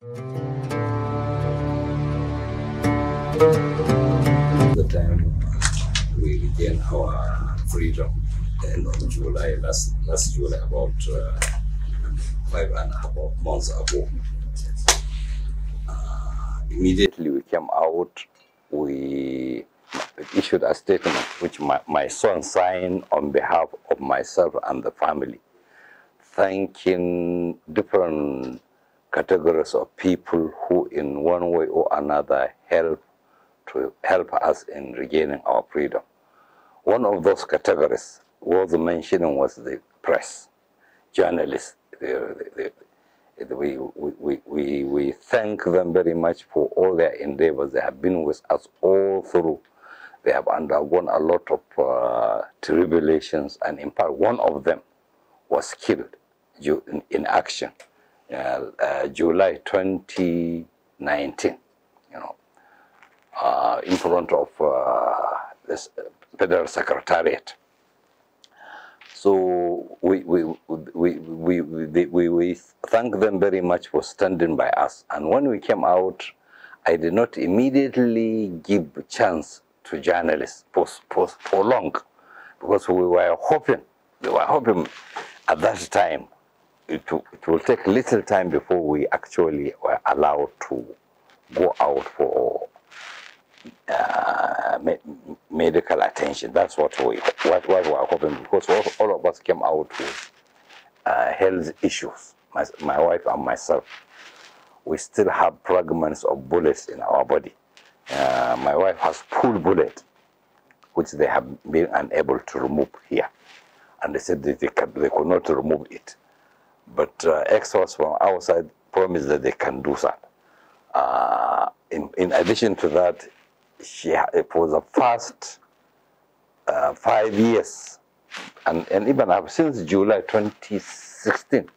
The time we began our freedom end of July, last, last July, about uh, five and a half months ago. Uh, immediately we came out, we issued a statement which my, my son signed on behalf of myself and the family, thanking different categories of people who in one way or another help to help us in regaining our freedom. One of those categories worth mentioning was the press, journalists. The, the, the, we, we, we, we thank them very much for all their endeavors. They have been with us all through. They have undergone a lot of uh, tribulations, and in part, one of them was killed in, in action. Uh, July 2019, you know, uh, in front of uh, this federal secretariat. So we, we, we, we, we, thank them very much for standing by us. And when we came out, I did not immediately give chance to journalists for, for, for long because we were hoping, they were hoping at that time it, it will take little time before we actually were uh, allowed to go out for uh, medical attention. That's what we what, what we are hoping because all, all of us came out with uh, health issues. My, my wife and myself, we still have fragments of bullets in our body. Uh, my wife has pulled bullet, which they have been unable to remove here, and they said that they, could, they could not remove it. But uh, experts from outside promise that they can do that. Uh, in, in addition to that, she, for the first uh, five years, and, and even since July 2016,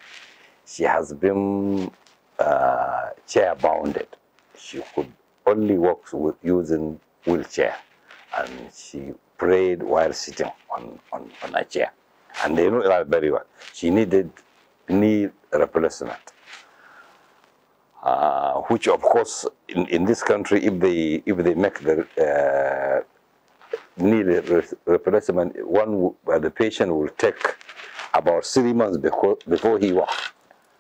she has been uh, chair bounded. She could only walk using wheelchair, and she prayed while sitting on, on, on a chair. And they know that very well. She needed need replacement. Uh, which of course in, in this country if they if they make the uh, knee re replacement one uh, the patient will take about three months before before he walk.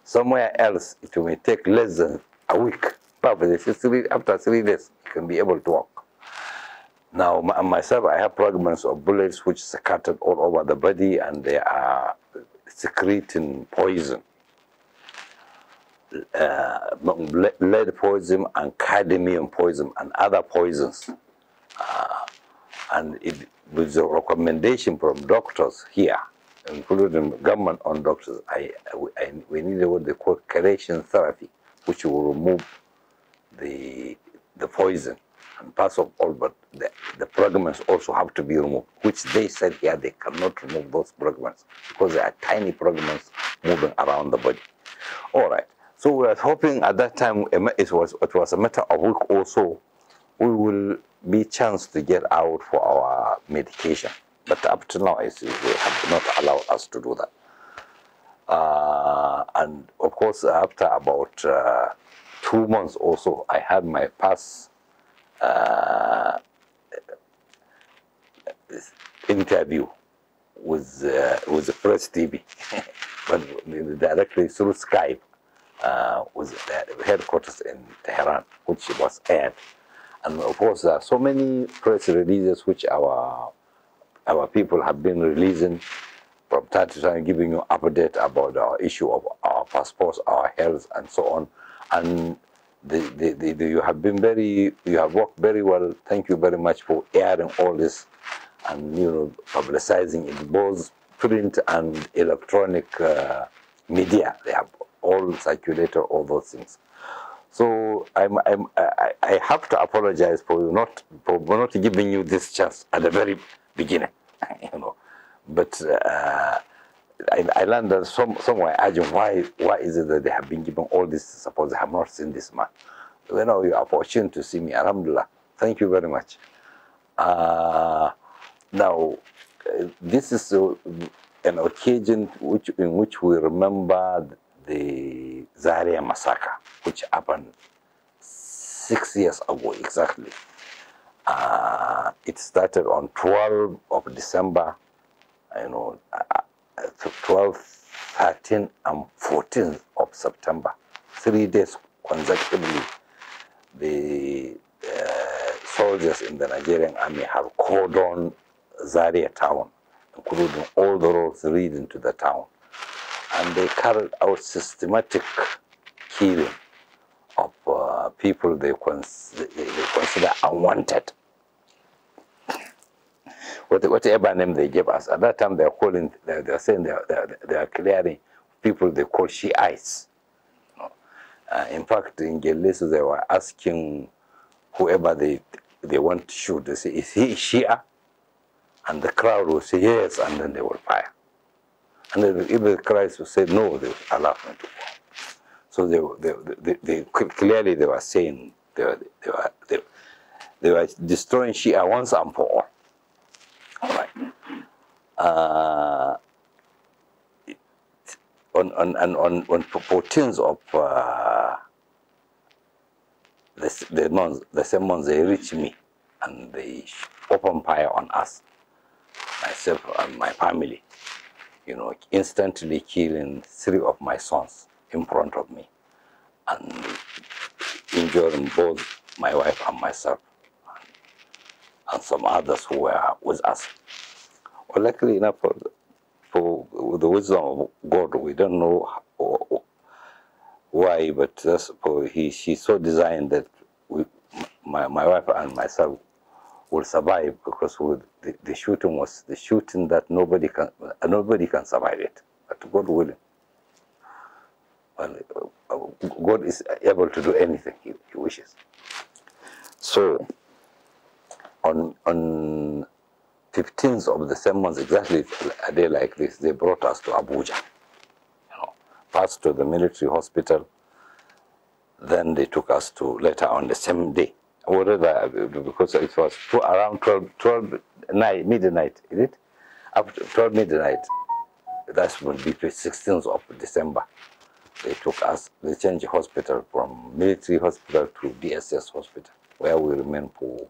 somewhere else it may take less than a week probably three, after three days he can be able to walk now myself i have fragments of bullets which scattered all over the body and they are secreting poison, uh, lead poison and cadmium poison and other poisons. Uh, and it with the recommendation from doctors here, including government on doctors, I, I, we need what they call correction therapy, which will remove the, the poison parts of all, but the, the fragments also have to be removed, which they said here they cannot remove those fragments because they are tiny fragments moving around the body. All right. So we were hoping at that time it was it was a matter of week or so, we will be chance to get out for our medication. But up to now, it's, they have not allowed us to do that. Uh, and of course, after about uh, two months or so, I had my pass uh, interview with uh, with Press TV, but directly through Skype uh, with the headquarters in Tehran, which was aired. And of course, there are so many press releases which our our people have been releasing from time to time, giving you update about our issue of our passports, our health, and so on. And you have been very, you have worked very well. Thank you very much for airing all this and, you know, publicizing it, both print and electronic uh, media. They have all circulated all those things. So I'm, I'm, I, I have to apologize for you not, for not giving you this chance at the very beginning, you know. But uh, I, I learned that uh, some, somewhere, Ajahn, why, why is it that they have been given all this support? They have not seen this man. You know, you are fortunate to see me. Alhamdulillah. Thank you very much. Uh, now, uh, this is uh, an occasion which, in which we remember the Zaria massacre, which happened six years ago exactly. Uh, it started on 12 of December, you know, uh, 12th, 13th, and 14 of September, three days consecutively, the uh, soldiers in the Nigerian army have cordoned Zaria town, including all the roads leading to the town. And they carried out systematic killing of uh, people they, cons they consider unwanted what, whatever name they gave us. At that time, they're calling, they're, they're saying they're, they're, they're, clearing people they call Shiites. Uh, in fact, in Geliso, they were asking whoever they they want to shoot, they say, is he Shia? And the crowd will say, yes, and then they will fire. And then if the crowd will say, no, they will allow them to go. So they, they, they, they, clearly they were saying they were, they, were, they, they were destroying Shia once and for all. Right. Uh, it, on, on, on, on, on 14th of uh, the, the, months, the same month they reached me and they opened fire on us, myself and my family, you know, instantly killing three of my sons in front of me and injuring both my wife and myself and some others who were with us. Well, luckily enough, for, for the wisdom of God, we don't know why, but that's for he, she so designed that we, my, my wife and myself will survive because the, the shooting was the shooting that nobody can nobody can survive it, but God willing. Uh, God is able to do anything he, he wishes. So on on 15th of the same month, exactly a day like this, they brought us to Abuja. You know, first to the military hospital, then they took us to later on the same day. whatever, because it was two, around 12, 12 night, midnight, is it? Up to 12 midnight, that would be 16th of December. They took us, they changed the hospital from military hospital to DSS hospital, where we remained for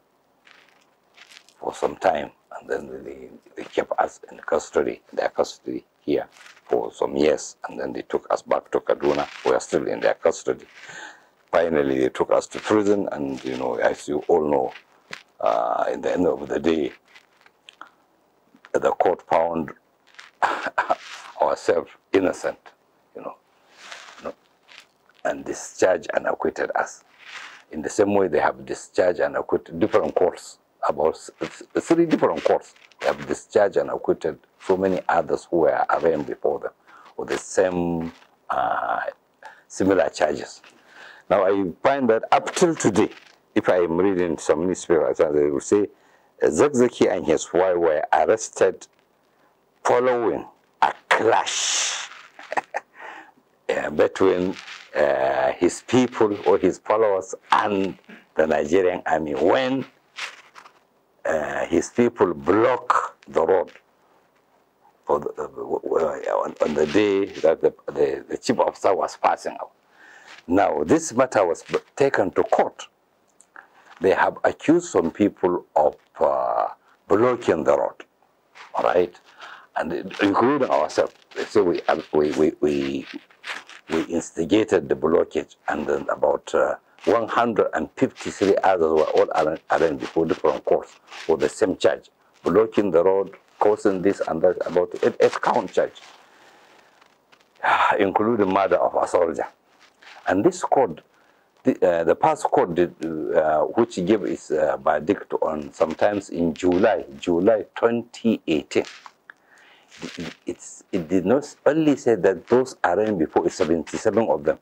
for some time and then they, they kept us in custody, their custody here for some years and then they took us back to Kaduna. We are still in their custody. Finally, they took us to prison and, you know, as you all know, uh, in the end of the day, the court found ourselves innocent, you know, you know, and discharged and acquitted us. In the same way, they have discharged and acquitted different courts about three different courts have discharged and acquitted so many others who were arraigned before them with the same uh, similar charges. Now I find that up till today, if I am reading some newspapers, they will say Zakzaki and his wife were arrested following a clash uh, between uh, his people or his followers and the Nigerian army when uh, his people block the road the, uh, uh on, the day that the, the, the chief officer was passing out. Now, this matter was taken to court. They have accused some people of uh, blocking the road, all right? And uh, including ourselves. So we, we, we, we, we instigated the blockage and then about uh, 153 others were all arraigned before different courts for the same charge, blocking the road, causing this and that, about eight, eight count charge, including murder of a soldier. And this court, the, uh, the past court, did, uh, which gave its uh, verdict on sometimes in July, July 2018, it's, it did not only say that those arraigned before, 77 of them,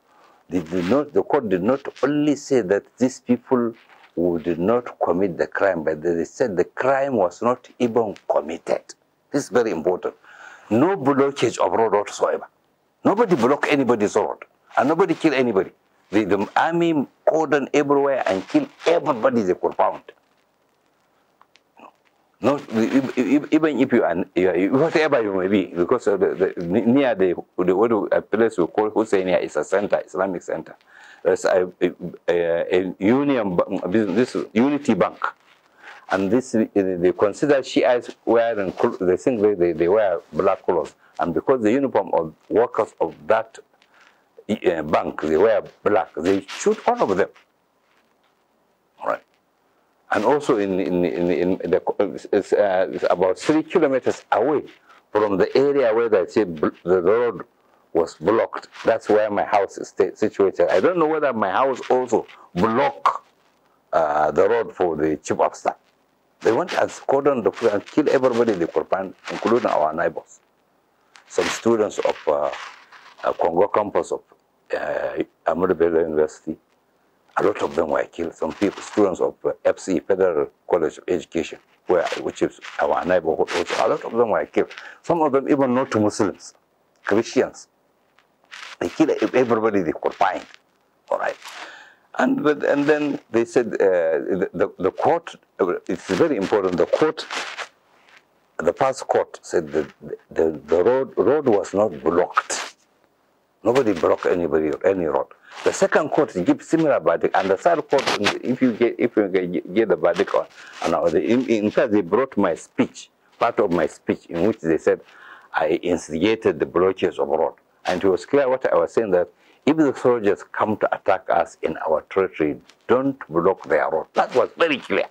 they did not, the court did not only say that these people would did not commit the crime, but they said the crime was not even committed. This is very important. No blockage of road whatsoever. Nobody blocked anybody's road, and nobody killed anybody. The, the army cordoned everywhere and killed everybody they could find. No, even if you are whatever you may be, because the, the, near the the what place we call Husseinia is a center, Islamic center. There's a, a, a union this unity bank, and this they consider Shiites wearing they think they, they, they wear black clothes, and because the uniform of workers of that eh, bank they wear black, they shoot all of them and also in, in, in, in the, it's, uh, it's about three kilometers away from the area where they say the road was blocked. That's where my house is situated. I don't know whether my house also blocked uh, the road for the chief officer. They went and cordoned the food and killed everybody they could find, including our neighbors. Some students of uh, uh Congo campus of uh, University a lot of them were killed. Some people, students of uh, FC Federal College of Education, where, which is our neighborhood, which a lot of them were killed. Some of them even not Muslims, Christians. They killed everybody they could find. All right. And, and then they said uh, the, the, the court, it's very important, the court, the past court said that the, the road, road was not blocked. Nobody blocked anybody, or any road. The second court gives similar verdict, and the third court, if you get if you get the verdict on, now the, in, in fact, they brought my speech, part of my speech, in which they said I instigated the blockages of road, and it was clear what I was saying that if the soldiers come to attack us in our territory, don't block their road. That was very clear.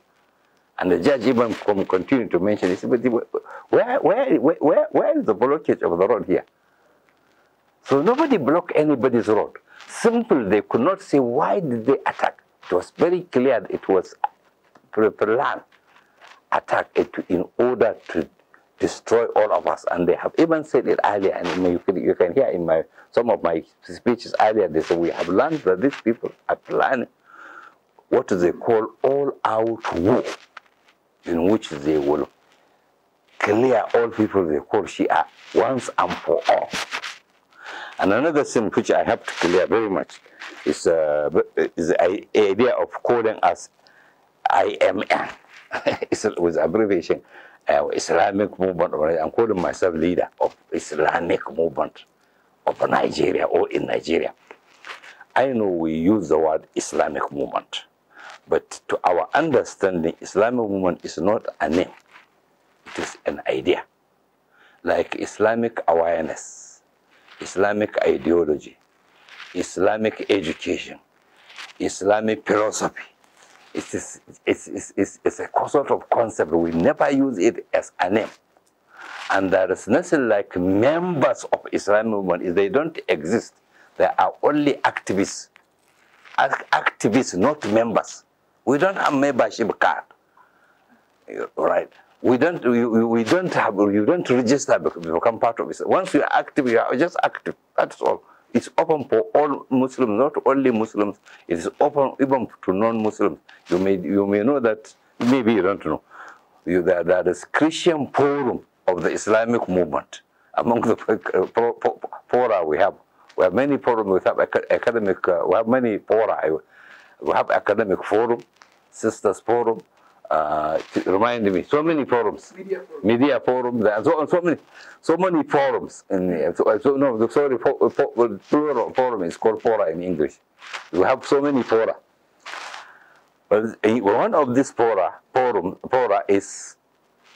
And the judge even continued to mention, he said, where, where, where, where is the blockage of the road here? So nobody blocked anybody's road. Simple, they could not say why did they attack. It was very clear it was planned attack in order to destroy all of us. And they have even said it earlier, and you can, you can hear in my some of my speeches earlier, they said, we have learned that these people are planning what they call all-out war, in which they will clear all people they call Shia once and for all. And another thing which I have to clear very much is, uh, is the idea of calling us IMN, with abbreviation, uh, Islamic Movement. I'm calling myself leader of Islamic Movement of Nigeria or in Nigeria. I know we use the word Islamic Movement, but to our understanding, Islamic Movement is not a name. It is an idea, like Islamic awareness Islamic ideology, Islamic education, Islamic philosophy. It is, it's, it's, it's, it's a sort of concept. We never use it as a name. And there is nothing like members of Islamic movement. They don't exist. They are only activists. Activists, not members. We don't have membership card. All right we don't we, we don't have you don't register become part of Islam. Once you are active, you are just active. That's all. It's open for all Muslims, not only Muslims. It is open even to non-Muslims. You may you may know that maybe you don't know. You, there, there is Christian forum of the Islamic movement among the fora we have. We have many forums. We have academic. Uh, we have many fora. We have academic forum, sisters forum uh, remind me, so many forums, media, media forums, so, so many, so many forums. In, so, so, no, sorry, for, for, plural forum is called fora in English. We have so many fora. But one of these fora, forum, fora is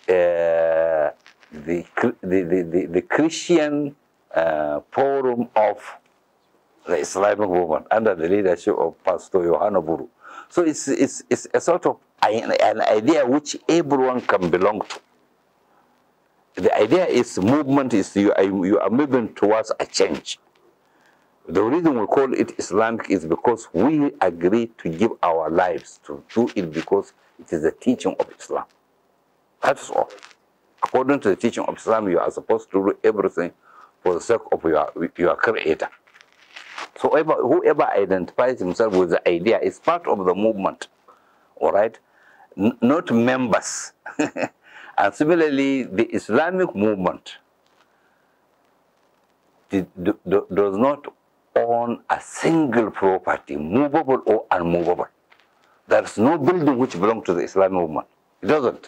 uh, the, the, the, the, the Christian uh, forum of the Islamic movement under the leadership of Pastor Yohana Buru. So it's, it's, it's a sort of an idea which everyone can belong to. The idea is movement is you are, you are moving towards a change. The reason we call it Islamic is because we agree to give our lives to do it because it is the teaching of Islam. That's all. According to the teaching of Islam, you are supposed to do everything for the sake of your, your creator. So whoever, whoever identifies himself with the idea is part of the movement, all right? N not members. and similarly, the Islamic movement does not own a single property, movable or unmovable. There's no building which belongs to the Islamic movement. It doesn't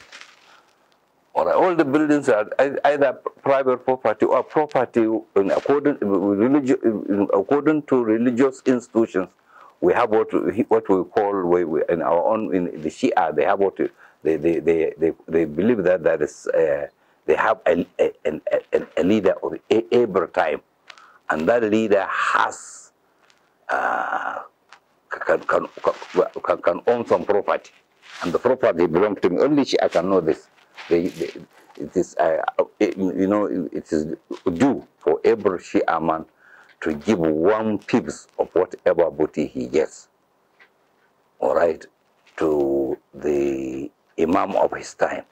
all the buildings are either private property or property in accordance, in according to religious institutions. We have what what we call we, we, in our own in the Shia. They have what they they they they, they believe that that is uh, they have a, a, a, a leader of every time, and that leader has uh, can, can can can own some property, and the property belongs to me. Only Shia can know this. They, they, it is, uh, it, you know, it is due for every Shia man to give one piece of whatever booty he gets, all right, to the imam of his time.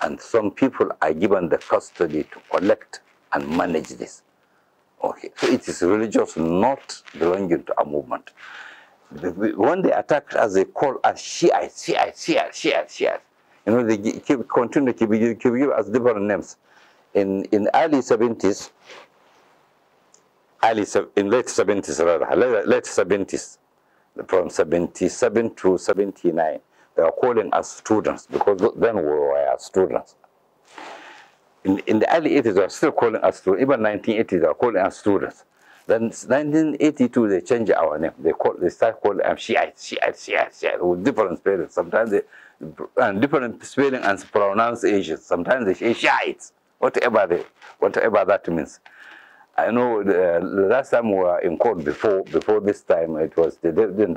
And some people are given the custody to collect and manage this. Okay, so it is religious, not belonging to a movement. When they attacked us, they call us Shiites, Shiites, Shiites, Shiites, Shiites. You know, they keep, continue to give, give, give us different names. In, in early 70s, early, in late 70s rather, late, late 70s, from 77 to 79, they were calling us students because then we were students. In, in the early 80s, they were still calling us students. Even 1980s, they were calling us students. Then 1982, they changed our name. They call, they start calling i Shiites, Shiites, Shiites, with different spelling. Sometimes they, and different spelling and pronunciation. Sometimes they say Shiites, whatever they, whatever that means. I know uh, the last time we were in court before before this time, it was the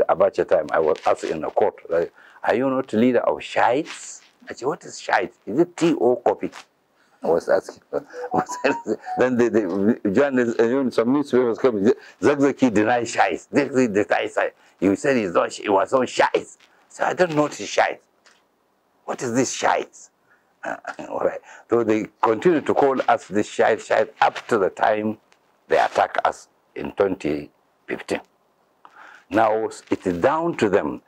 Abacha time, I was asked in the court, like, are you not leader of Shiites? I said, what is Shiites? Is it T.O. copy? I was asking, then the, the journalists, some newspapers coming, Zagzaki denies shies, Zagzaki denies You said he's not, he was not shies. So I don't notice shies. What is this shies? Uh, all right. So they continue to call us the shies, shies up to the time they attack us in 2015. Now it is down to them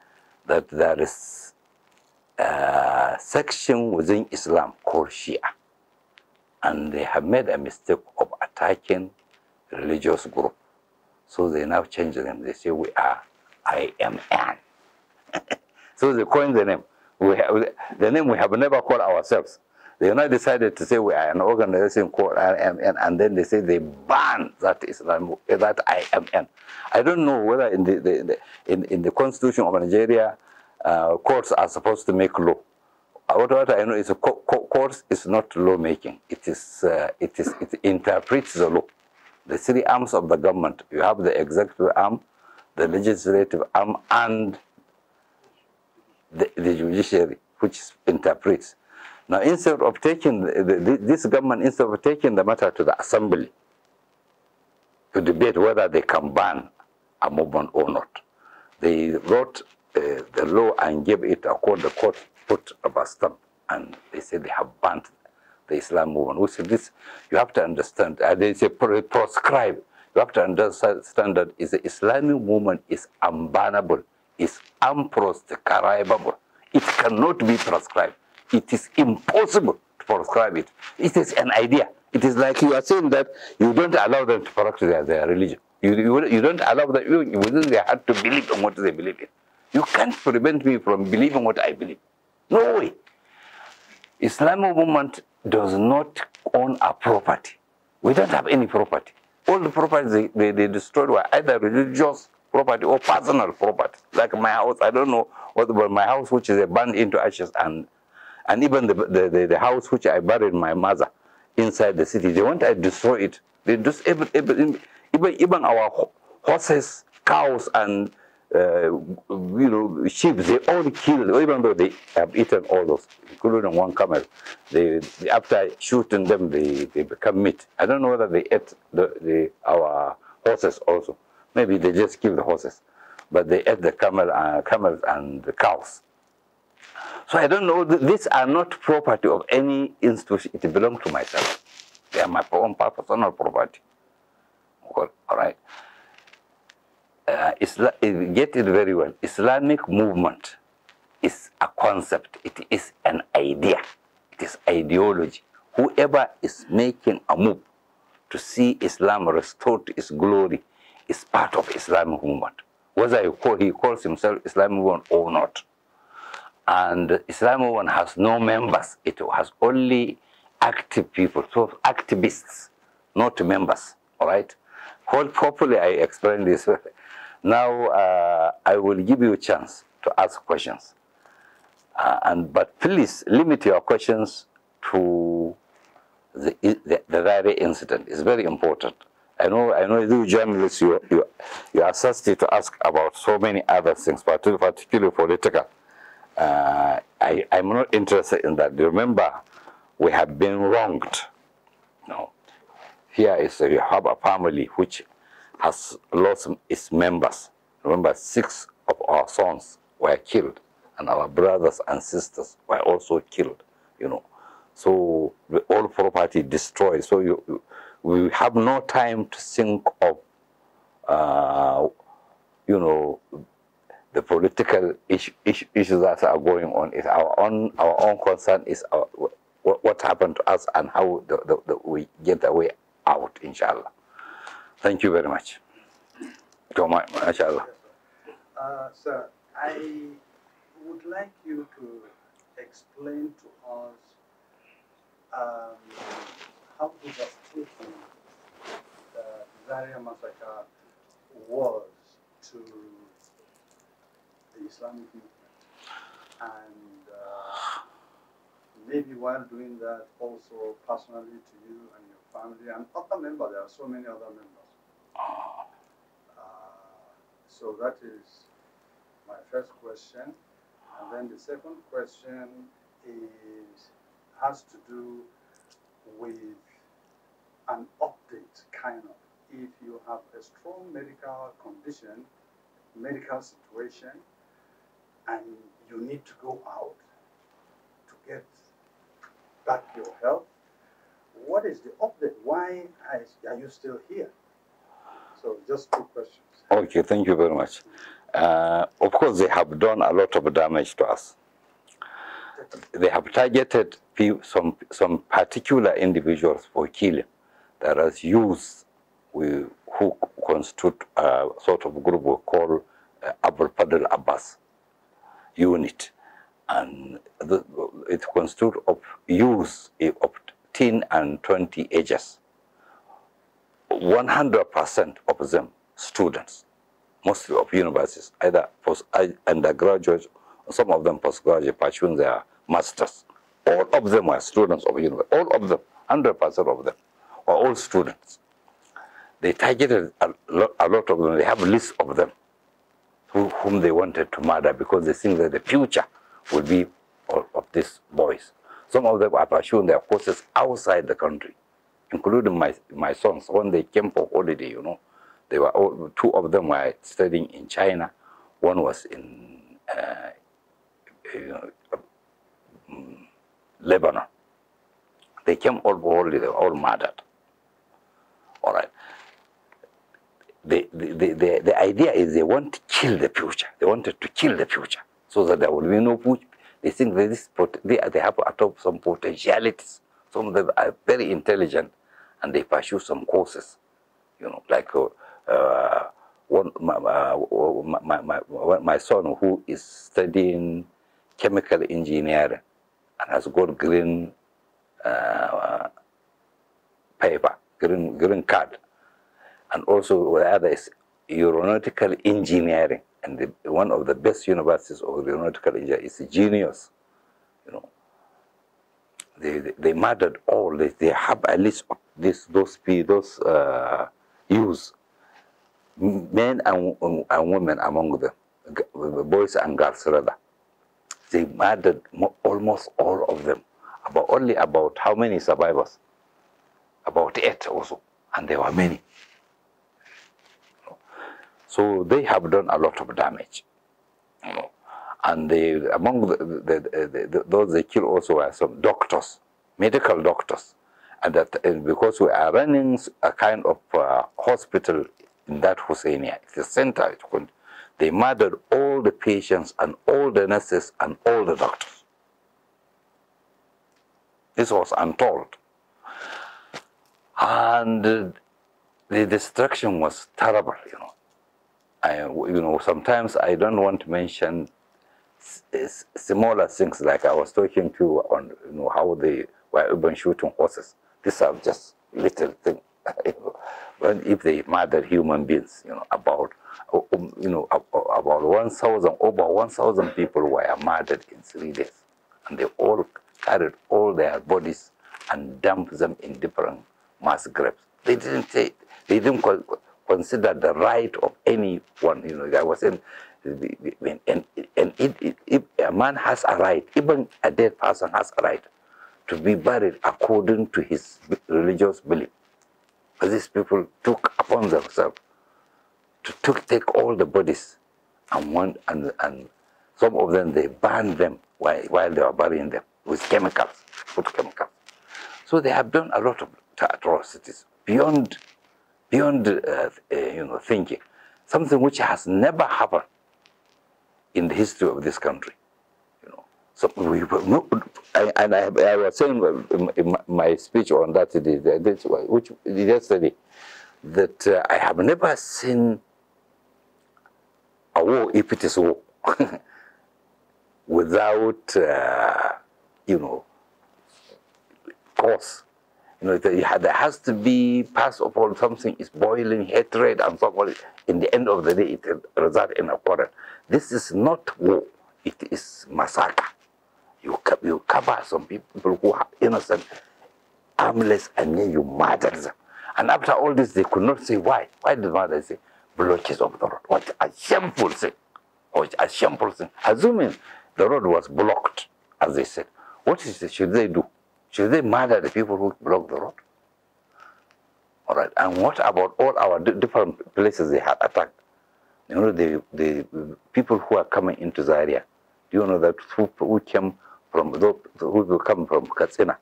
that there is a uh, section within Islam called Shia and they have made a mistake of attacking religious group. So they now change them. They say we are IMN. so they coined the name. We have, the name we have never called ourselves. They now decided to say we are an organization called IMN, and then they say they ban that Islam, that IMN. I don't know whether in the, the, the in, in the constitution of Nigeria, uh, courts are supposed to make law. What, what I know is a co courts is not lawmaking. It is, uh, it is, it interprets the law. The three arms of the government, you have the executive arm, the legislative arm, and the, the judiciary, which interprets. Now, instead of taking, the, the, this government, instead of taking the matter to the assembly to debate whether they can ban a movement or not, they wrote uh, the law and gave it a court, the court put a stamp and they say they have banned the Islam movement. said this, you have to understand, and uh, they say proscribe. You have to understand that is the Islamic movement is unbannable, is unproscribable. It cannot be proscribed. It is impossible to proscribe it. It is an idea. It is like you are saying that you don't allow them to practice their, their religion. You, you, you, don't allow them, you, within their heart, to believe in what they believe in. You can't prevent me from believing what I believe. No way. Islamic movement does not own a property. We don't have any property. All the properties they, they, they destroyed were either religious property or personal property. Like my house, I don't know what about my house, which is burned into ashes, and and even the, the, the, the, house which I buried my mother inside the city. They want to destroy it. They just even, even, even our horses, cows, and uh, you know, sheep, they all kill, even though they have eaten all those, including one camel, they, they, after shooting them, they, they become meat. I don't know whether they ate the, the, our horses also. Maybe they just killed the horses, but they ate the camel, uh, camels and the cows. So I don't know, these are not property of any institution. It belongs to myself. They are my own personal property. All right uh, get it very well. Islamic movement is a concept. It is an idea. It is ideology. Whoever is making a move to see Islam restored to its glory is part of Islamic movement. Whether he, call, he calls himself Islamic movement or not. And Islamic movement has no members. It has only active people, so activists, not members, all right? Well, properly I explain this Now uh, I will give you a chance to ask questions. Uh, and But please limit your questions to the, the, the incident. It's very important. I know, I know you journalists, you, you, you are thirsty to ask about so many other things, particularly political. Uh, I, I'm not interested in that. Remember, we have been wronged. No. Here is, you have a family which has lost its members. Remember, six of our sons were killed, and our brothers and sisters were also killed, you know. So all property destroyed. So you, you, we have no time to think of, uh, you know, the political issue, issues that are going on. It's our own, our own concern is our, uh, what, what happened to us and how the, the, the, we get away out, inshallah. Thank you very much. Go my, mashallah. Uh, sir, I would like you to explain to us um, how devastating the uh, Zaria massacre was to the Islamic movement. And uh, maybe while doing that, also personally to you and your family and other members, there are so many other members. Uh, so that is my first question. And then the second question is has to do with an update, kind of. If you have a strong medical condition, medical situation, and you need to go out to get back your health, what is the update? Why are you still here? So just two questions. Okay, thank you very much. Uh, of course, they have done a lot of damage to us. They have targeted some, some particular individuals for killing There are youth we, who constitute a sort of group we call uh, Abul Fadl Abbas unit. And the, it constitutes of youth eh, of 10 and 20 ages. 100% of them students, mostly of universities, either post undergraduate, some of them postgraduate pursuing their masters. All of them were students of university. All of them, 100% of them, were all students. They targeted a lot, a lot of them. They have lists of them who, whom they wanted to murder because they think that the future will be of, of these boys. Some of them are pursuing their courses outside the country including my, my sons, when they came for holiday, you know, they were all, two of them were studying in China. One was in uh, you know, um, Lebanon. They came all for holiday, they were all murdered. All right. The, the, the, the, idea is they want to kill the future. They wanted to kill the future so that there will be no future. They think that this, they, they have to adopt some potentialities. Some of them are very intelligent and they pursue some courses, you know, like uh, uh one, uh, my, my, my, my, son who is studying chemical engineering and has got green uh, paper, green, green card. And also the other is aeronautical engineering. And the, one of the best universities of aeronautical engineering is Genius. You know, they, they, they murdered all, they, they have a list of this those those uh, youths, men and, and women among them, boys and girls rather. They murdered almost all of them. About only about how many survivors? About eight also, and there were many. So they have done a lot of damage. And they, among the, the, the, those they killed also were some doctors, medical doctors and that is because we are running a kind of uh, hospital in that Husseinia, the center, they murdered all the patients and all the nurses and all the doctors. This was untold. And uh, the destruction was terrible, you know. I, you know, sometimes I don't want to mention smaller things like I was talking to you on you know, how they were even shooting horses. These are just little things. When if they murder human beings, you know, about um, you know about 1,000 over 1,000 people were murdered in three days, and they all carried all their bodies and dumped them in different mass graves. They didn't say they didn't consider the right of anyone. You know, I was saying, and, and it, it, if a man has a right, even a dead person has a right to be buried according to his religious belief. But these people took upon themselves to took, take all the bodies and, one, and, and some of them, they burned them while, while they were burying them with chemicals, food chemicals. So they have done a lot of atrocities beyond, beyond uh, uh, you know, thinking, something which has never happened in the history of this country. So we will not, and I, I, was saying in my speech on that, this, which yesterday, that uh, I have never seen a war, if it is war, without, uh, you know, cause. You know, there has to be, pass of all, something is boiling, hatred and so on. In the end of the day, it results in a quarrel. This is not war, it is massacre you cover some people who are innocent, armless, and then you murder them. And after all this, they could not say why. Why did mother say blockages of the road? What a shameful thing. What a shameful thing. Assuming the road was blocked, as they said, what is it, should they do? Should they murder the people who block the road? All right. And what about all our different places they had attacked? You know, the, the people who are coming into the area, do you know that who came from those who come from Katsina,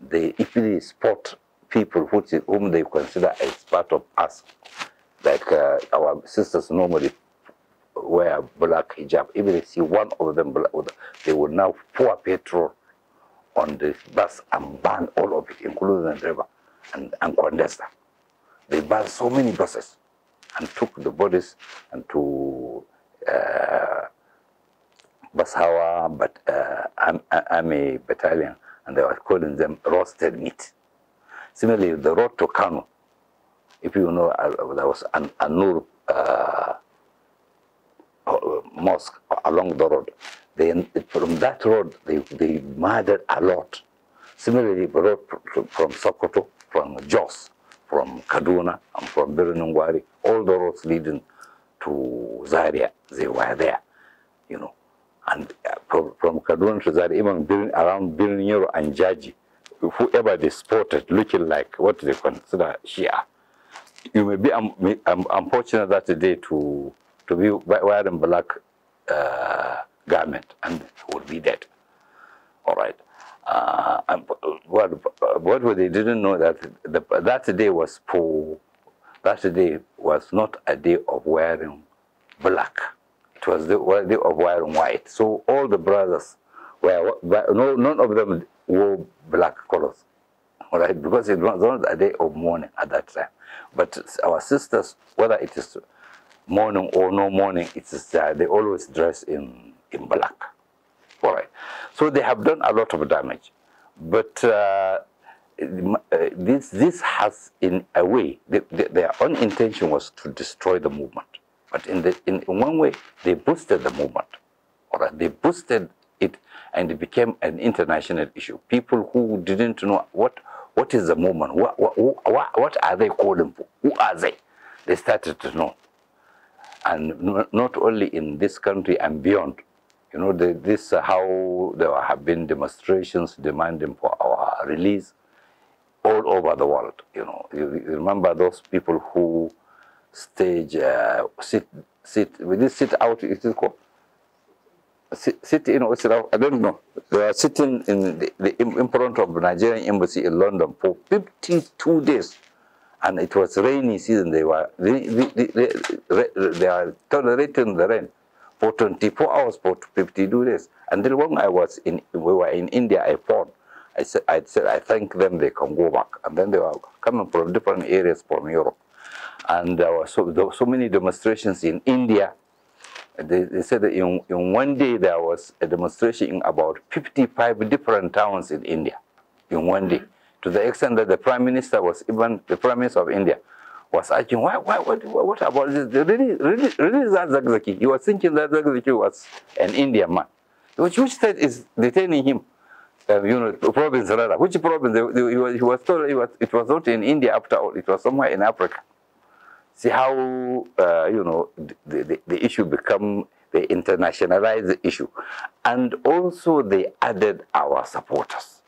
they easily spot people which, whom they consider as part of us. Like uh, our sisters normally wear black hijab. If they see one of them, black, they will now pour petrol on the bus and burn all of it, including the driver and, and condenser. They burned so many buses and took the bodies and to uh, Basawa, but uh, Army Battalion, and they were calling them roasted meat. Similarly, the road to Kano, if you know, uh, there was an Anur uh, mosque along the road. They, from that road, they, they murdered a lot. Similarly, from Sokoto, from Jos, from Kaduna, and from Birinungwari, all the roads leading to Zaria, they were there, you know and uh, from, from Kaduna to even around euro and Jaji, whoever they spotted looking like what they consider Shia. You may be um, um, unfortunate that day to, to be wearing black uh, garment and would be dead. All right. Uh, what, what they didn't know that the, that day was poor. that day was not a day of wearing black. It was the day of wearing white. So all the brothers were, no, none of them wore black colors, all right? Because it was not a day of mourning at that time. But our sisters, whether it is morning or no morning, it is uh, they always dress in, in black, all right? So they have done a lot of damage. But uh, uh this, this has, in a way, the, the, their own intention was to destroy the movement but in, the, in one way, they boosted the movement, or they boosted it, and it became an international issue. People who didn't know what what is the movement, what, what, what, what are they calling for, who are they, they started to know. And not only in this country and beyond, you know, the, this uh, how there have been demonstrations demanding for our release all over the world. You know, you, you remember those people who stage uh, sit sit we did sit out it is called sit, sit in or sit out I don't know they were sitting in the, the in front of Nigerian embassy in London for 52 days and it was rainy season they were they, they, they, they are tolerating the rain for 24 hours for 52 days until when I was in we were in India I phoned I said I said I thank them they can go back and then they were coming from different areas from Europe and there were so, there were so many demonstrations in India. They, they said in, in one day there was a demonstration in about 55 different towns in India, in one day, to the extent that the prime minister was even, the prime minister of India was asking, why, why, what, what about this? Really, really, really that Zagzaki? He was thinking that Zagzaki was an Indian man. Which, which state is detaining him? Uh, you know, province rather. Which province? He was, he was told it was, it was not in India after all. It was somewhere in Africa. See how, uh, you know, the, the, the issue become the internationalized issue. And also they added our supporters.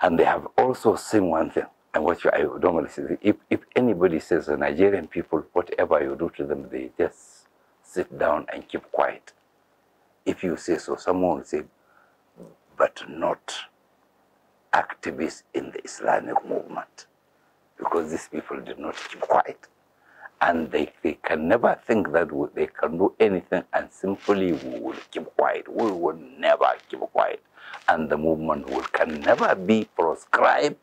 And they have also seen one thing, and what you, I normally say, if, if anybody says the Nigerian people, whatever you do to them, they just sit down and keep quiet. If you say so, someone will say, but not activists in the Islamic movement because these people did not keep quiet. And they, they can never think that we, they can do anything and simply we will keep quiet. We will never keep quiet. And the movement will, can never be proscribed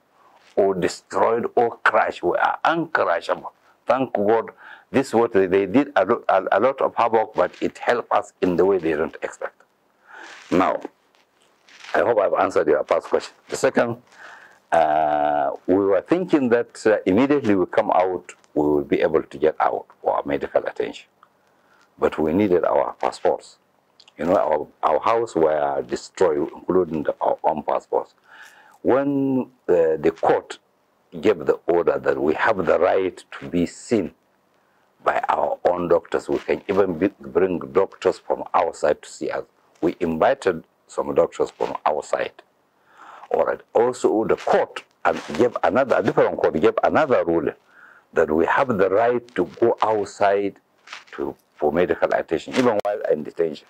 or destroyed or crushed. We are uncrushable. Thank God. This is what they did a lot, a lot of havoc, but it helped us in the way they don't expect. Now, I hope I've answered your first question. The second uh, we were thinking that uh, immediately we come out, we will be able to get out for medical attention. But we needed our passports. You know, our, our house were destroyed, including the, our own passports. When uh, the court gave the order that we have the right to be seen by our own doctors, we can even be, bring doctors from outside to see us. We invited some doctors from outside or Also, the court um, gave another, a different court gave another rule that we have the right to go outside to, for medical attention, even while in detention.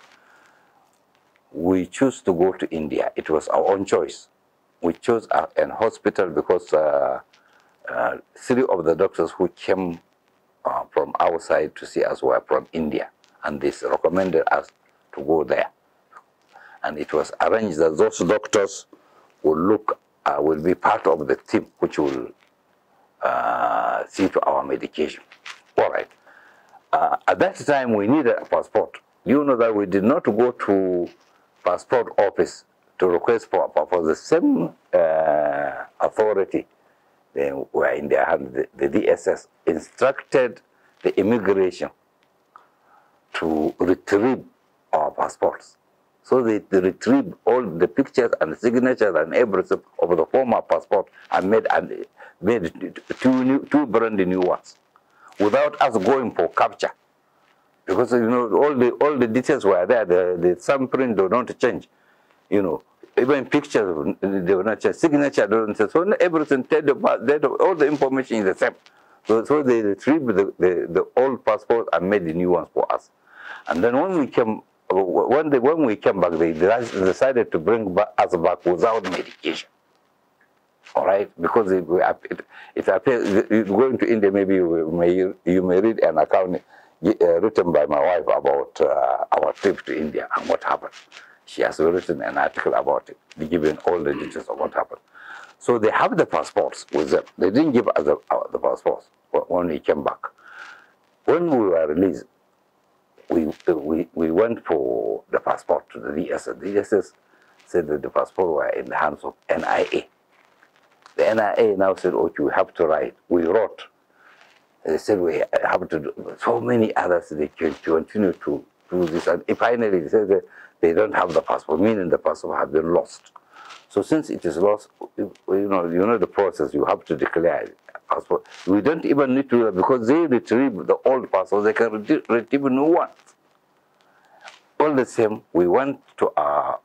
We choose to go to India. It was our own choice. We chose a, an hospital because uh, uh, three of the doctors who came uh, from outside to see us were from India, and they recommended us to go there. And it was arranged that those doctors will look, uh, will be part of the team which will uh, see to our medication. All right. Uh, at that time, we needed a passport. You know that we did not go to passport office to request for, for the same uh, authority they were in their hands. The, the DSS instructed the immigration to retrieve our passports so they retrieved all the pictures and signatures and everything of the former passport and made and made two new, two brand new ones, without us going for capture, because you know all the all the details were there. The the thumbprint do not change, you know. Even pictures, they were not change, Signature don't change. So everything, all the information is the same. So, so they retrieved the, the, the old passport and made the new ones for us. And then when we came when, they, when we came back, they decided to bring us back without medication. All right, because it, it, it appears going to India, maybe you may, you may read an account uh, written by my wife about uh, our trip to India and what happened. She has written an article about it, giving all the details of what happened. So they have the passports with them. They didn't give us the, uh, the passports when we came back. When we were released, we, uh, we, we went for the passport to the DSS. The DSS said that the passport were in the hands of NIA. The NIA now said, okay, oh, we have to write. We wrote. They said, we have to do. So many others, they continue to do this. And finally, they said they don't have the passport, meaning the passport had been lost. So since it is lost, you know, you know the process, you have to declare it passport. We don't even need to, because they retrieve the old passport, they can retrieve new ones. All the same, we went to, our uh,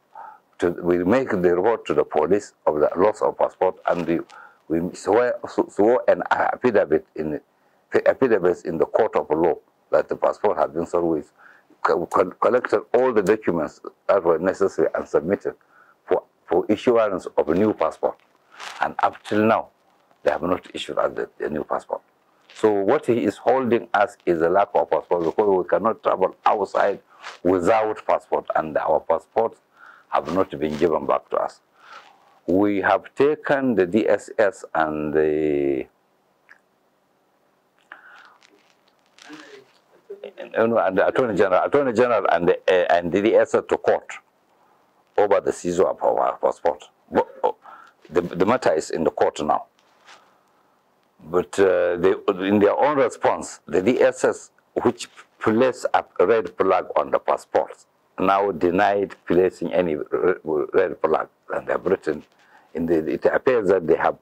to we make the report to the police of the loss of passport and we, we swore, swore an affidavit in, affidavit in the court of law that the passport had been so with collected all the documents that were necessary and submitted for, for issuance of a new passport. And up till now, they have not issued us a new passport. So what he is holding us is a lack of passport because we cannot travel outside without passport and our passports have not been given back to us. We have taken the DSS and the and the Attorney General, Attorney General and the, uh, and the DSS to court over the seizure of our passport. But, uh, the, the matter is in the court now. But uh, they, in their own response, the DSS, which placed a red flag on the passports, now denied placing any red flag on their Britain. it appears that they have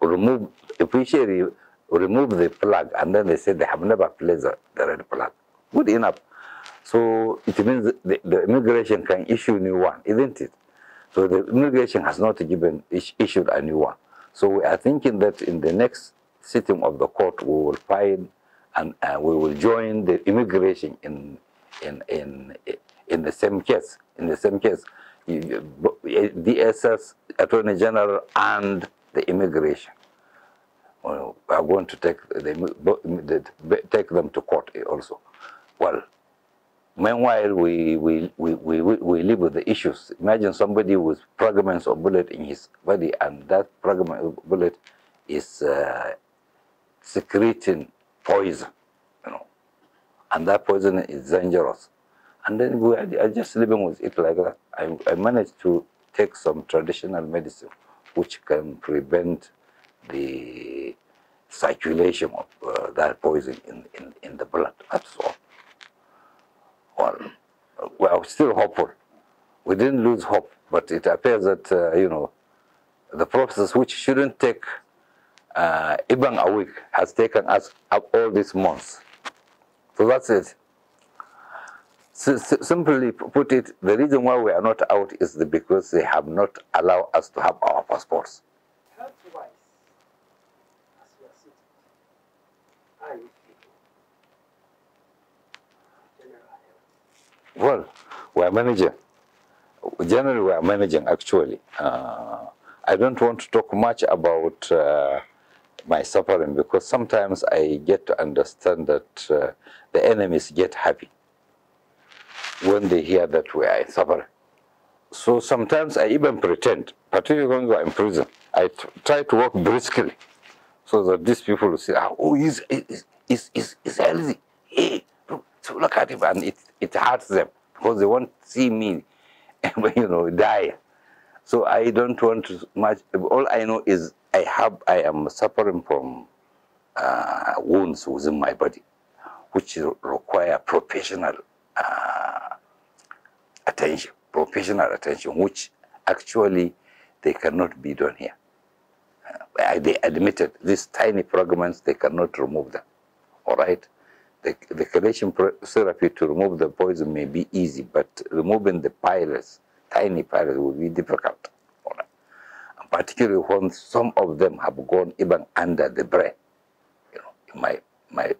removed, officially removed the flag, and then they said they have never placed the red flag. Good enough. So it means the, the immigration can issue a new one, isn't it? So the immigration has not given issued a new one. So we are thinking that in the next sitting of the court, we will find and uh, we will join the immigration in, in, in, in the same case. In the same case, eh, DSS, Attorney General, and the immigration are going to take, the, take them to court also. Well, Meanwhile, we, we, we, we, we live with the issues. Imagine somebody with fragments of bullet in his body and that fragment of bullet is uh, secreting poison, you know. And that poison is dangerous. And then we are just living with it like that. I, I managed to take some traditional medicine which can prevent the circulation of uh, that poison in, in, in the blood. That's all. Well, we are still hopeful. We didn't lose hope, but it appears that, uh, you know, the process which shouldn't take uh, even a week has taken us up all these months. So that's it. simply put it, the reason why we are not out is the, because they have not allowed us to have our passports. Well, we are managing. Generally, we are managing, actually. Uh, I don't want to talk much about uh, my suffering because sometimes I get to understand that uh, the enemies get happy when they hear that we are suffering. So sometimes I even pretend, particularly when I'm in prison, I try to walk briskly so that these people will say, ah, oh, he's, he's, he's, he's, healthy. Hey, look, so look at him. And it, it hurts them because they won't see me, you know, die. So I don't want much. All I know is I have, I am suffering from uh, wounds within my body, which require professional uh, attention, professional attention, which actually they cannot be done here. Uh, they admitted these tiny fragments, they cannot remove them. All right? The, the chelation therapy to remove the poison may be easy, but removing the pilus tiny parents will be difficult. Particularly when some of them have gone even under the bread. You know, my, my,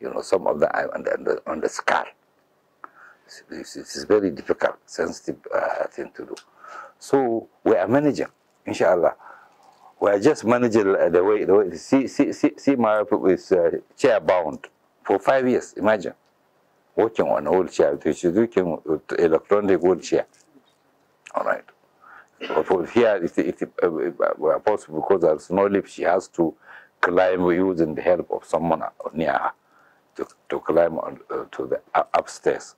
you know, some of them are uh, under, under, on the skull. This is very difficult, sensitive uh, thing to do. So we are managing, inshallah. We are just managing uh, the way, the way see, see, see, see my is uh, chair bound for five years, imagine. Working on a wheelchair, which is working with electronic wheelchair. All right. here, it's, it's uh, uh possible because there's no lift. She has to climb using the help of someone near her to, to climb on, uh, to the upstairs.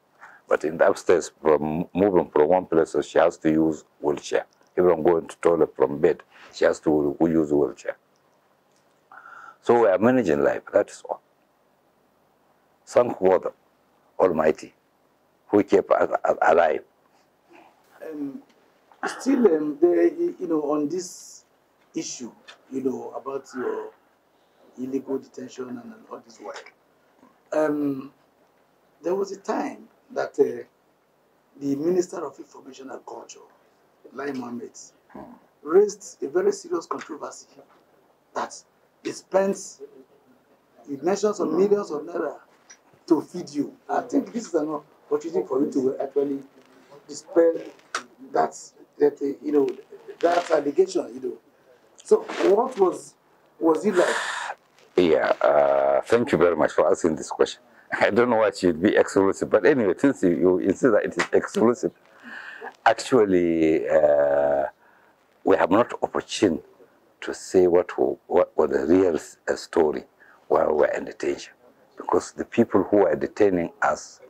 But in the upstairs, from moving from one place, uh, she has to use wheelchair. Even going to toilet from bed, she has to use wheelchair. So we are managing life, that is all. Thank God Almighty, who kept us alive. Um, still, um, you know, on this issue, you know, about your illegal detention and, all this work, um, there was a time that uh, the Minister of Information and Culture, Lai Mohammed, raised a very serious controversy that he spends, he and millions of naira to feed you. I think this is an opportunity for you to actually dispel that that, uh, you know, that allegation, you know. So what was, was it like? Yeah, uh, thank you very much for asking this question. I don't know why it should be exclusive, but anyway, since you, you insist that it is exclusive, actually, uh, we have not opportune to say what were, what were the real uh, story while we were in detention, because the people who are detaining us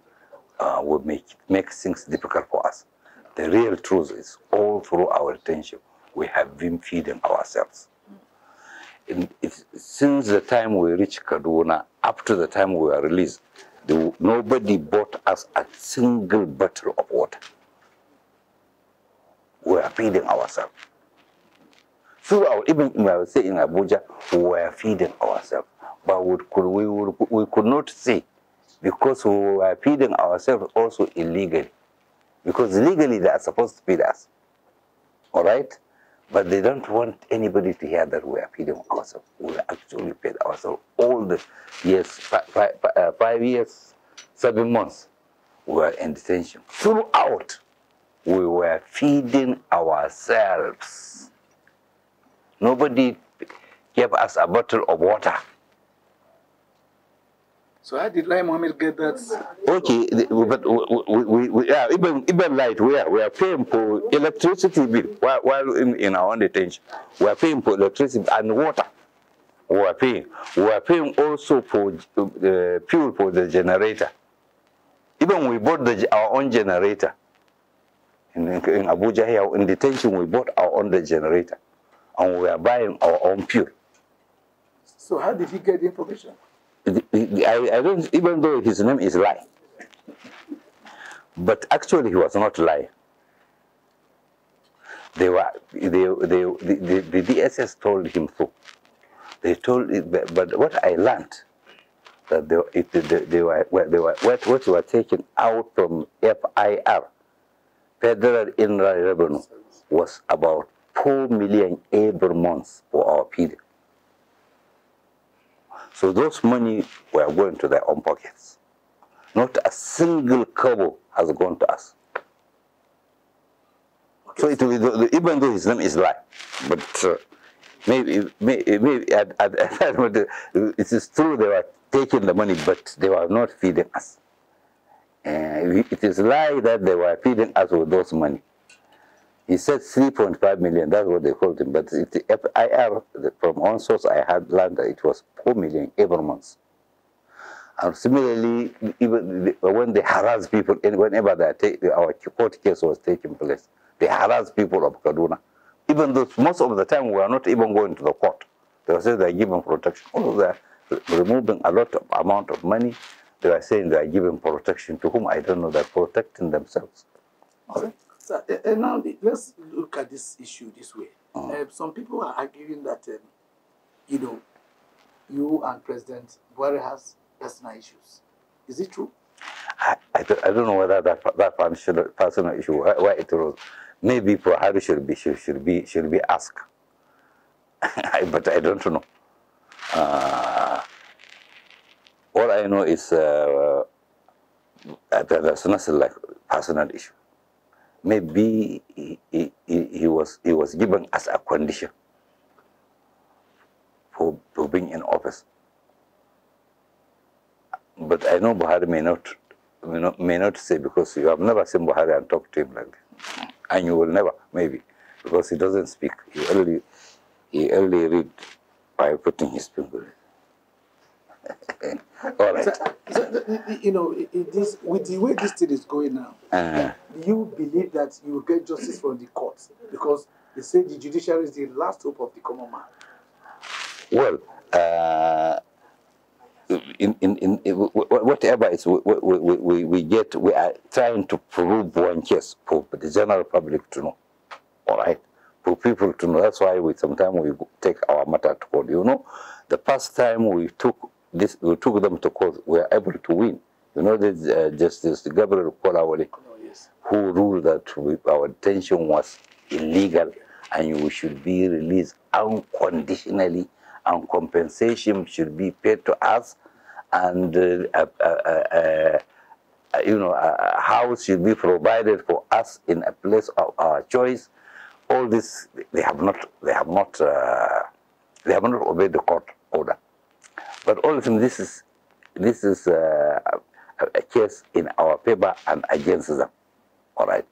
uh, will make, make things difficult for us. The real truth is all through our detention, we have been feeding ourselves. In, since the time we reached Kaduna up to the time we were released, the, nobody bought us a single bottle of water. We are feeding ourselves. our. even when I was in Abuja, we were feeding ourselves. But we could, we, we could not see because we were feeding ourselves also illegally because legally they are supposed to pay us. All right? But they don't want anybody to hear that we are feeding ourselves. We actually paid ourselves all the years, five, five, uh, five years, seven months, we were in detention. Throughout, we were feeding ourselves. Nobody gave us a bottle of water. So how did Lai Mohammed get that? Okay, but we, we, we yeah, even even light, we are we are paying for electricity bill while, while in, in, our own detention. We are paying for electricity and water. We are paying. We are paying also for uh, fuel for the generator. Even we bought the, our own generator. In, in Abuja here in detention, we bought our own generator, and we are buying our own fuel. So how did he get the information? I, I don't, even though his name is Lai, but actually he was not Lai. They were, they, they, the, the, the DSS told him so. They told, it, but, what I learned, that they, it, they, they were, they were, what, what were taken out from FIR, Federal Inland Revenue, was about 4 million every month for our period. So those money were going to their own pockets. Not a single kobo has gone to us. So it, even though his name is Lai, but uh, maybe, maybe, maybe at, at, at, it is true they were taking the money, but they were not feeding us. Uh, it is Lai that they were feeding us with those money. He said 3.5 million, that's what they called him. But it, FIR, from one source I had learned that it was 4 million every month. And similarly, even when they harass people, whenever they our court case was taking place, they harass people of Kaduna. Even though most of the time we are not even going to the court. They were saying they are giving protection. All of that, removing a lot of amount of money. They are saying they are giving protection to whom I don't know. They're protecting themselves. Okay. Sir, uh, and uh, now let's look at this issue this way. Uh -huh. Um, some people are arguing that, um, you know, you and President Buhari has personal issues. Is it true? I, I, don't, I don't know whether that that personal, personal issue why it arose. Maybe Buhari should be should, should be should be asked. but I don't know. Uh, all I know is uh, that there's nothing like personal issue maybe he, he, he, was, he was given as a condition for, for being in office. But I know Buhari may not, may not, may not say because you have never seen Buhari and talked to him like this. And you will never, maybe, because he doesn't speak. He only, he only read by putting his finger. All right. So, so, you know, with the way this thing is going now, uh-huh. you believe that you will get justice from the courts because they say the judiciary is the last hope of the common man. Well, uh, in, in, in, whatever is we, we, we, we get, we are trying to prove one case for the general public to know. All right for people to know. That's why we sometimes we take our matter to court. You know, the first time we took this, we took them to court. We were able to win. You know, there's uh, Justice Gabriel Kolawole, oh, yes. who ruled that we, our detention was illegal and we should be released unconditionally and compensation should be paid to us and uh, uh, uh, uh, uh you know a uh, house should be provided for us in a place of our choice all this they have not they have not they have not obeyed the court order but all them, this is, this is uh, a case in our favor and against them. All right.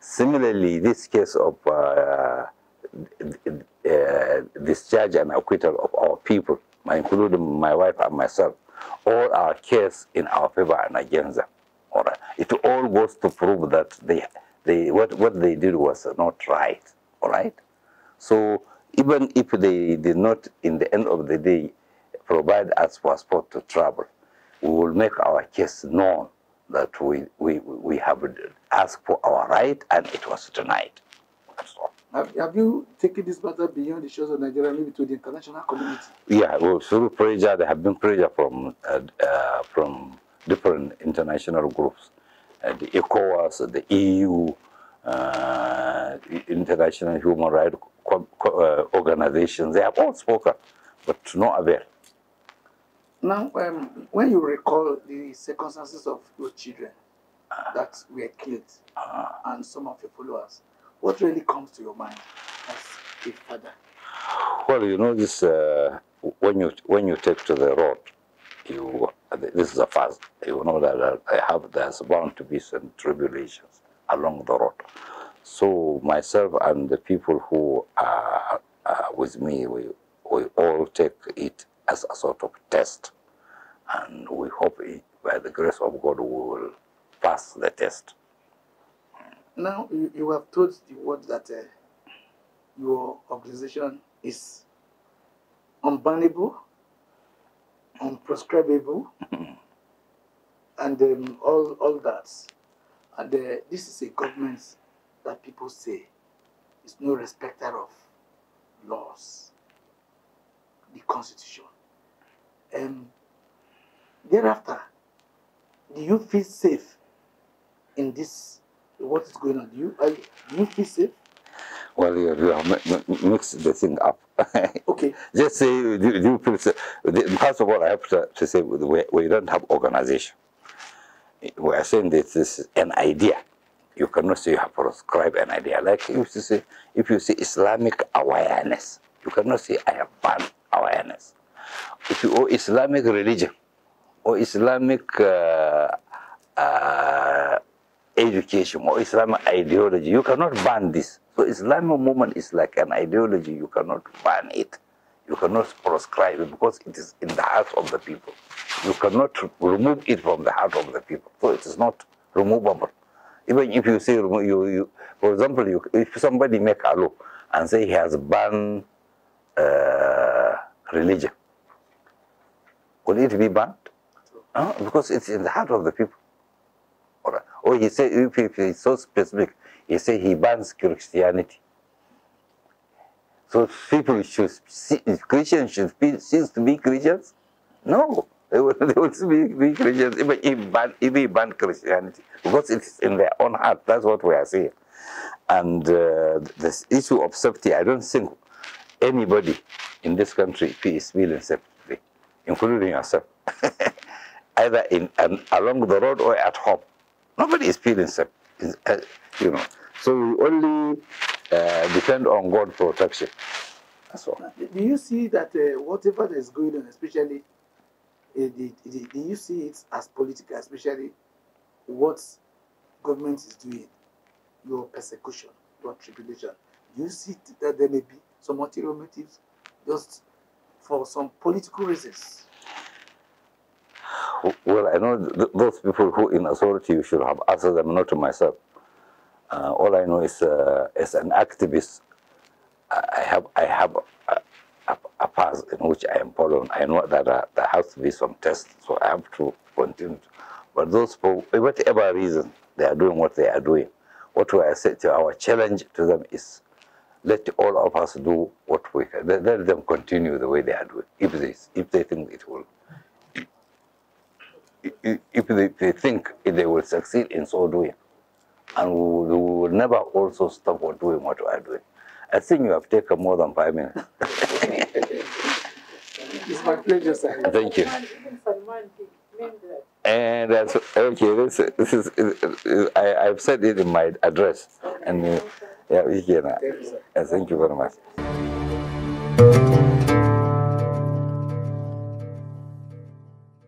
Similarly, this case of uh, uh, discharge and acquittal of our people, including my wife and myself, all our case in our favor and against them. All right. It all goes to prove that they, they, what, what they did was not right. All right. So even if they did not, in the end of the day, provide us passport to travel. We will make our case known that we, we, we have asked for our right and it was denied. Have, have, you taken this matter beyond the shores of Nigeria, maybe to the international community? Yeah, well, through pressure, there have been pressure from, uh, uh, from different international groups, uh, the ECOWAS, the EU, uh, international human rights uh, organizations. They have all spoken, but to no avail. Now, um, when you recall the circumstances of your children uh, that were killed uh, and some of your followers, what really comes to your mind as a father? Well, you know this uh, when you when you take to the road, you this is a fast. You know that I have there's bound to be some tribulations along the road. So myself and the people who are, are with me, we we all take it as a sort of test. And we hope it, by the grace of God we will pass the test. Now you, you have told the world that uh, your organization is unbannable, unprescribable, and um, all, all that. And uh, this is a government that people say is no respecter of laws, the constitution. Um, thereafter, do you feel safe in this? What is going on? Do you, are, do you feel safe? Well, you, you have mixed the thing up. okay. Just say, do, you feel safe? First of all, I have to, to say we, we don't have organization. We are saying that this is an idea. You cannot say you have prescribed an idea. Like if you say, if you say Islamic awareness, you cannot say I have banned awareness or oh, Islamic religion or Islamic uh, uh, education or Islamic ideology. You cannot ban this. So Islamic movement is like an ideology. You cannot ban it. You cannot proscribe it because it is in the heart of the people. You cannot remove it from the heart of the people. So it is not removable. Even if you say, you, you for example, you, if somebody make a law and say he has banned uh, religion, could it be burnt? Uh, because it's in the heart of the people. Or, or oh, he said, if, if it's so specific, he said he bans Christianity. So people should, see, Christians should be, cease to be Christians? No, they will, they will be, be Christians even if, ban, if he Christianity, because it's in their own heart. That's what we are saying. And uh, this issue of safety, I don't think anybody in this country is feeling safe including yourself, either in um, along the road or at home. Nobody is feeling safe, uh, you know. So we only uh, depend on God's protection. That's all. Do you see that uh, whatever is going on, especially, uh, do you see it as political, especially what government is doing, your persecution, your tribulation? Do you see that there may be some material motives just for some political reasons. Well, I know th those people who in authority you should have asked them, not to myself. Uh, all I know is, uh, as an activist, I have I have a, a, a path in which I am following. I know that uh, there has to be some tests, so I have to continue. But those, for whatever reason, they are doing what they are doing. What I say to our challenge to them is let all of us do what we can. Let them continue the way they are doing, if they, if they think it will. If they, if they think they will succeed in so doing. And we will, we will never also stop doing what we are doing. I think you have taken more than five minutes. it's my pleasure, sir. Thank you. And that's okay. This, this is, I, I've said it in my address, and. Uh, ya yi kenan thank you very much